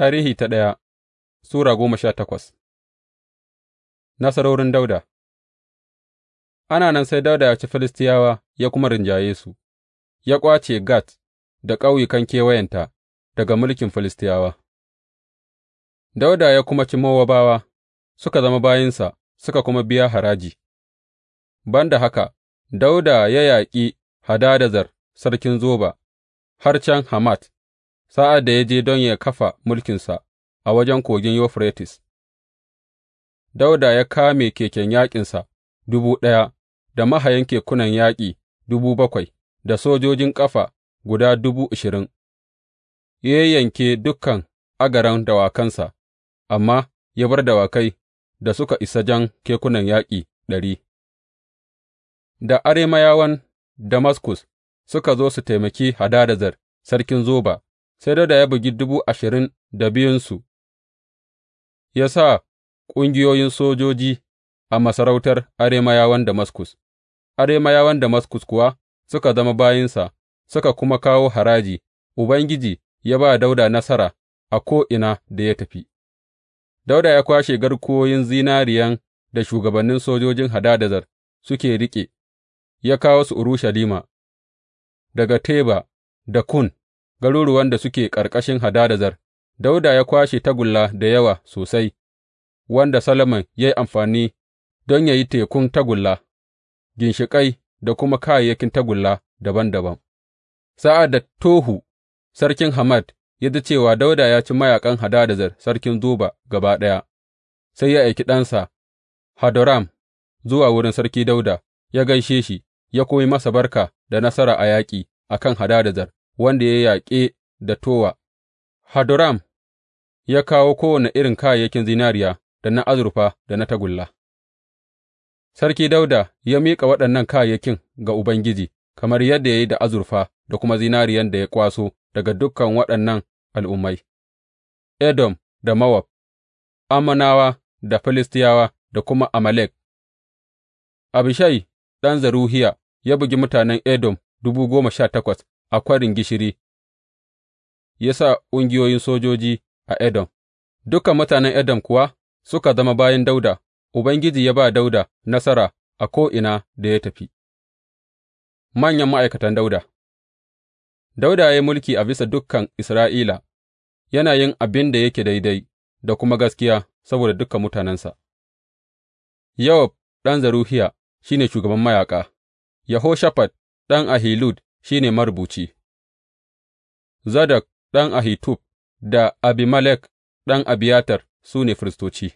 Tarihi ta ɗaya Sura goma sha takwas Nasarorin Dauda Ana nan sai Dauda ya ci Filistiyawa ya kuma rinjaye su, ya ƙwace Gat da ƙauyukan kewayenta daga mulkin Filistiyawa. Dauda ya kuma ci Mowabawa suka zama bayinsa suka kuma biya haraji. Ban da haka, Dauda ya yaƙi Hadadazar sarkin Zoba har can Hamat. sa'ad da ya je don yă kafa mulkinsa a wajen Kogin Yuferites, Dawuda ya kame keken yaƙinsa dubu ɗaya da mahayan kekunan yaƙi dubu bakwai da sojojin ƙafa guda dubu ashirin, ya yanke dukan agaran dawakansa, amma ya bar dawakai da suka isa jan kekunan yaƙi ɗari. Da Arameyawan Damaskus suka zo su taimaki Hadadezer sarkin Zoba Sai Dawuda ya bugi dubu ashirin da biyunsu, ya sa ƙungiyoyin sojoji a masarautar Arameyawan Damaskus, Arameyawan Damaskus kuwa suka zama bayinsa suka kuma kawo haraji, Ubangiji ya ba Dawuda nasara a ko'ina da ya tafi. Dawuda ya kwashe garkuwoyin zinariyan da shugabannin sojojin Hadadazar suke riƙe, ya kawo su Urushalima daga Teba da Kun. garuruwan da suke ƙarƙashin Hadadezer, Dawuda ya kwashe tagulla da yawa sosai, wanda Solomon ya yi amfani don yă yi tekun tagulla, ginshiƙai da kuma kayayyakin tagulla daban daban. Sa'ad da Tohu, sarkin Hamad, ya ji cewa Dawuda ya ci mayaƙan Hadadezer sarkin Zoba gaba ɗaya, sai ya aiki ɗansa Hadoram zuwa wurin sarki Dawuda, ya gaishe shi, ya kuma yi masa barka da nasara a yaƙi a kan Hadadezer wanda ya yaƙe da Towa, Hadoram ya kawo kowane irin kayayyakin zinariya da na azurfa da na tagulla. Sarki Dauda ya miƙa waɗannan kayayyakin ga Ubangiji, kamar yadda ya yi da azurfa da kuma zinariyan da ya kwaso daga dukan waɗannan al'ummai, Edom da Mawab. Ammonawa da Filistiyawa da kuma Amalek. Abishai ɗan zaruhiya, ya bugi mutanen Edom dubu goma sha takwas a Kwarin Gishiri, ya sa ƙungiyoyin sojoji a Edom, dukan mutanen Edom kuwa suka zama bayan Dauda Ubangiji ya ba Dauda nasara a ko'ina da ya tafi. Manyan ma'aikatan Dauda. Dawuda ya yi mulki a bisa dukan Isra'ila, yana yin abin da yake daidai da kuma gaskiya saboda dukan mutanensa. Yawab ɗan zaruhiya shi ne shugaban mayaƙa, Yehoshafat ɗan Ahilud shi ne marubuci, Zadok ɗan Ahitub da Abimelek ɗan Abiyatar su ne firistoci,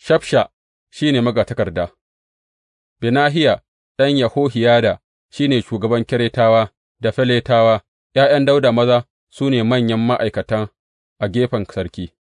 Shafsha shi ne magatakarda, Benahiya ɗan Yahohiyada shi ne shugaban Keretawa da Feletawa, ’ya'yan Dauda maza su ne manyan ma'aikata a gefen sarki.